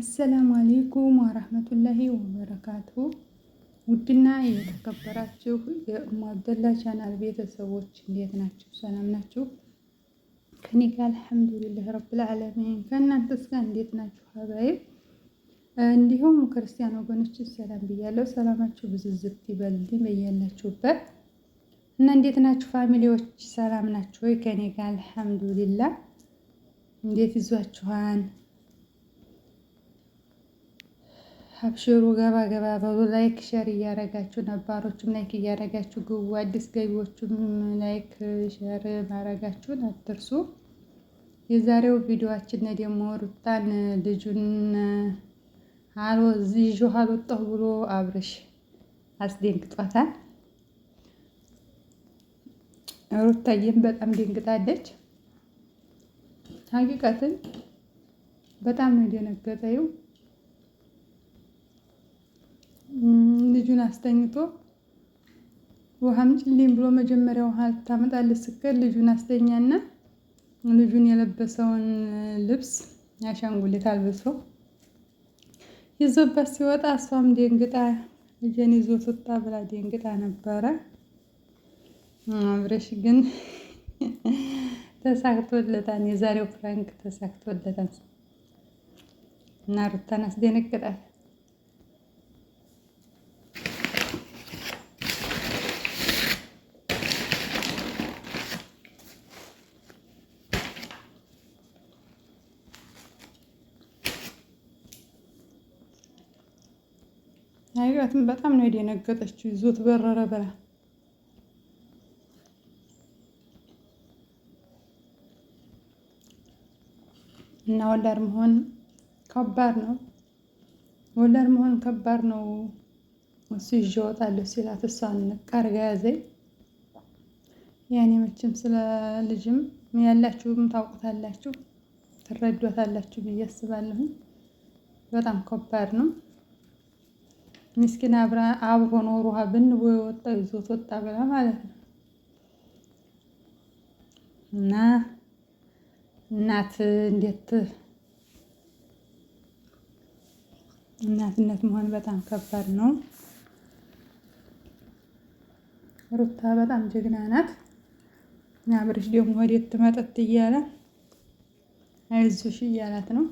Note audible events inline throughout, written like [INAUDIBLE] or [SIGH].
አሰላሙ አሌይኩም ወረህመቱላሂ ወበረካቱ። ውድና የተከበራችሁ የኡሙ አብደላ ቻናል ቤተሰቦች እንዴት ናችሁ? ሰላም ናችሁ? ከኔ ጋር አልሐምዱሊላህ ረብል ዓለሚን። ከእናንተስ ጋር እንዴት ናችሁ? ሀባይብ እንዲሁም ክርስቲያን ወገኖች ሰላም ብያለሁ። ሰላማችሁ ብዝዝት ይበል በያላችሁበት እና እንዴት ናችሁ ፋሚሊዎች? ሰላም ናችሁ ወይ? ከኔ ጋር አልሐምዱሊላህ። እንዴት ይዟችኋን ሀብሽሩ ገባ ገባ በሉ። ላይክ ሸር እያረጋችሁ ነባሮችም ላይክ እያረጋችሁ ግቡ። አዲስ ገቢዎችም ላይክ ሸር ማረጋችሁን አትርሱ። የዛሬው ቪዲዮችን ደግሞ ሩታን ልጁን አሎ ይዞ አልወጣሁ ብሎ አብርሽ አስደንግጧታል። ሩታዬም በጣም ደንግጣለች። ሀቂቀትን በጣም ነው የደነገጠው። ልጁን አስተኝቶ ውሃ አምጪልኝ ብሎ መጀመሪያ ውሃ ታመጣልህ ስትቀር ልጁን አስተኛና ልጁን የለበሰውን ልብስ አሻንጉሊት አልብሶ ይዞባት ሲወጣ እሷም ደንግጣ ልጄን ይዞ ስወጣ ብላ ደንግጣ ነበረ። አብረሽ ግን ተሳክቶለታል። የዛሬው ፍራንክ ተሳክቶለታል እና ሩታን አስደነግጣል። ሲያዩትም በጣም ነው የደነገጠችው። ይዞት በረረ ብላ እና ወላድ መሆን ከባድ ነው። ወላድ መሆን ከባድ ነው። እሱ ይዤ እወጣለሁ ሲላት እሷን ቃርጋ ያዘኝ። ያኔ መቼም ስለ ልጅም ያላችሁም ታውቁታላችሁ፣ ትረዷታላችሁ ብዬ አስባለሁኝ። በጣም ከባድ ነው። ምስኪን አብሮ ኖሮ ውሃ ብን ወጣው ይዞት ወጣ ብላ ማለት ነው። እና እናት እንዴት እናትነት መሆን በጣም ከባድ ነው። ሩታ በጣም ጀግና ናት። አብርሽ ደግሞ ወዴት መጠጥ እያለ አይዞሽ እያላት ነው።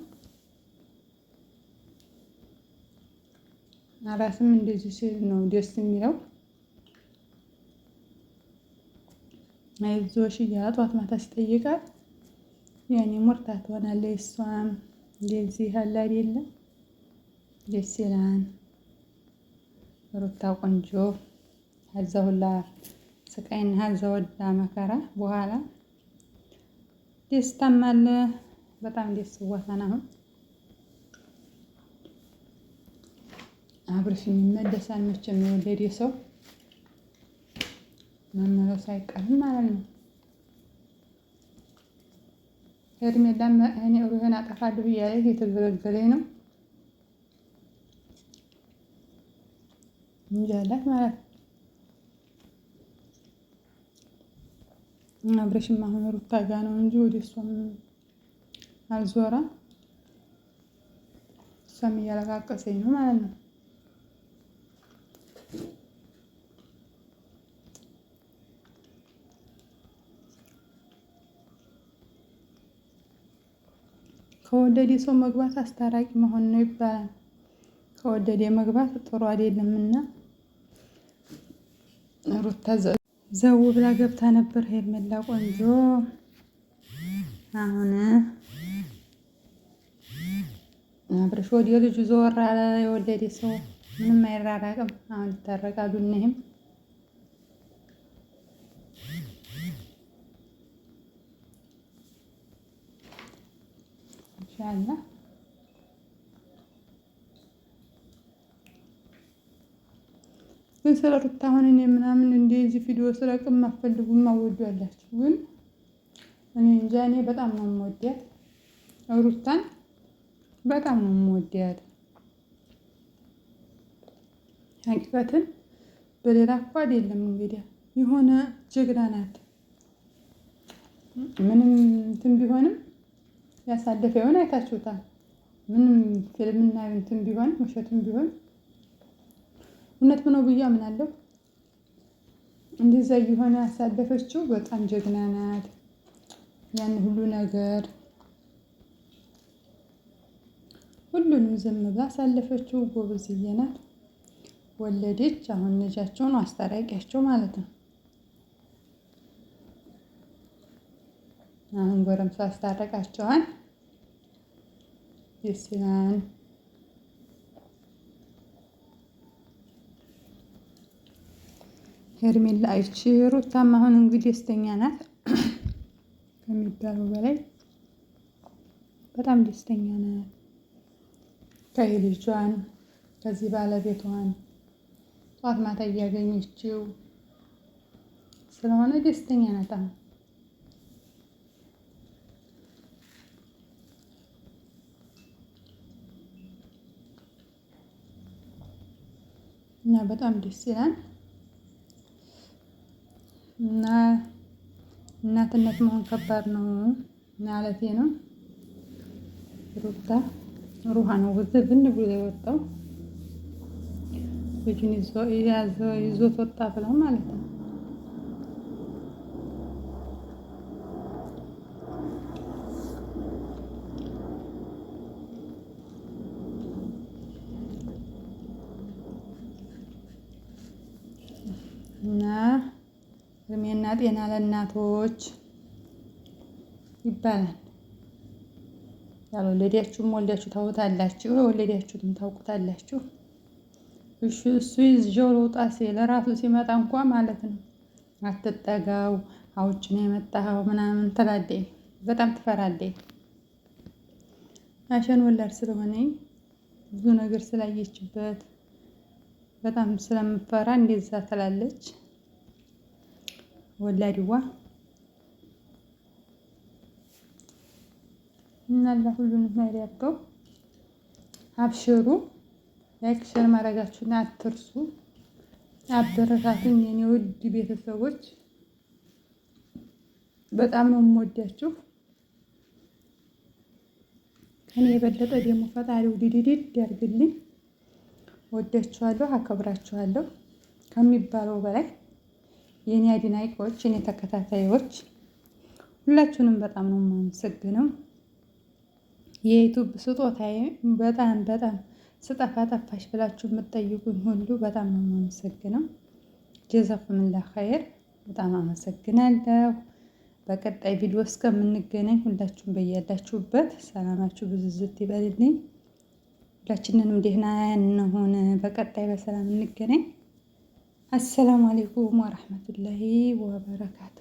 አራስም እንደዚህ ሲል ነው ደስ የሚለው። አይዞሽ እያለ ጧት ማታ ሲጠይቃት ያኔ ሙርታ ትሆናለች። እሷም እንደዚህ አለ አይደለ? ደስ ይላል። ሩታ ቆንጆ ከዛ ሁላ ስቃይና ከዛ ሁላ መከራ በኋላ ደስታም አለ። በጣም ደስ ዋታን አሁን አብርሽ ይመለሳል። መቼም የወለደ ሰው መመለሱ አይቀርም ማለት ነው። ሄርሜላም እኔ ሩህን አጠፋለሁ እያለች የተገለገለኝ ነው እንጃላት ማለት ነው። አብረሽም አሁን ሩታ ጋ ነው እንጂ ወደ እሷም አልዞረም። እሷም እያለቃቀሰኝ ነው ማለት ነው። ከወደደ ሰው መግባት አስታራቂ መሆን ነው ይባላል። ከወደደ መግባት ጥሩ አይደለም እና ሩታ ዘው ብላ ገብታ ነበር። ሄርሜላ ቆንጆ አሁን አብረሽ ወደ ልጁ ዘወር አለ። የወለደ ሰው ምንም አይራራቅም። አሁን ይታረቃሉ እነህም ይችላልና ግን ስለ ሩታ አሁን እኔ ምናምን እንደዚህ ቪዲዮ ስለቅም አፈልጉም አወዱ ያላችሁ ግን እኔ እንጃ እኔ በጣም ነው የምወዳት ሩታን በጣም ነው የምወዳት። ሀቂቀትን በሌላ እኮ አይደለም እንግዲህ የሆነ ጀግና ናት ምንም እንትን ቢሆንም ያሳለፈ የሆነ አይታችሁታል። ምንም ፊልምና እንትን ቢሆን ውሸትም ቢሆን እውነት ምነው ብዬ አምናለሁ። እንደዛ የሆነ ያሳለፈችው በጣም ጀግና ናት። ያን ሁሉ ነገር ሁሉንም ዝም ብላ አሳለፈችው። ጎበዝዬ ናት። ወለደች። አሁን ልጃቸውን አስታራቂያቸው ማለት ነው። አሁን ጎረምሳ አስታረቃቸዋል። ይስላን ሄርሜላ አይቺ ሩታም አሁን እንግዲህ ደስተኛ ናት [CLEARS THROAT] ከሚባለው በላይ በጣም ደስተኛ ናት። ከልጇን ከዚህ ባለቤቷን ጠዋት ማታ እያገኘችው ስለሆነ ደስተኛ ናት አሁን እና በጣም ደስ ይላል። እና እናትነት መሆን ከባድ ነው ማለቴ ነው። ሩታ ሩሃ ነው ወዘ ዝን ብሎ የወጣው ልጁን ይዞት ወጣ ብለው ማለት ነው። እና እድሜና ጤና ለእናቶች ይባላል። ያልወለዳችሁም ወልዳችሁ ታውቁታላችሁ የወለዳችሁትም ታውቁታላችሁ። እሺ እሱ ይዤው ልውጣ ሲል እራሱ ሲመጣ እንኳ ማለት ነው አትጠጋው አውጭ ነው የመጣኸው ምናምን ትላለች። በጣም ትፈራለች። አሸን ወላድ ስለሆነ ብዙ ነገር ስላየችበት በጣም ስለምፈራ እንደዛ ትላለች ወላዲዋ። እና ለሁሉንም ነገር ያድርገው። አብሽሩ። ላይክ ሼር ማድረጋችሁን አትርሱ። አበረታቱኝ የኔ ውድ ቤተሰቦች፣ በጣም ነው የምወዳችሁ። ከኔ የበለጠ ደግሞ ፈጣሪው ድድድድ ያርግልኝ። ወዳችኋለሁ፣ አከብራችኋለሁ ከሚባለው በላይ የኔ አድናቂዎች፣ የኔ ተከታታዮች ሁላችሁንም በጣም ነው የማመሰግነው። የዩቱብ ስጦታዬ በጣም በጣም ስጠፋ ጠፋሽ ብላችሁ የምትጠይቁኝ ሁሉ በጣም ነው የማመሰግነው። ጀዛኩሙላህ ኸይር፣ በጣም አመሰግናለሁ። በቀጣይ ቪዲዮ እስከምንገናኝ ሁላችሁም በያላችሁበት ሰላማችሁ ብዙ ዝት ይበልልኝ። ሁላችንንም ደህና እንሆን። በቀጣይ በሰላም እንገናኝ። አሰላሙ አሌይኩም ወረህመቱላሂ ወበረካቱ።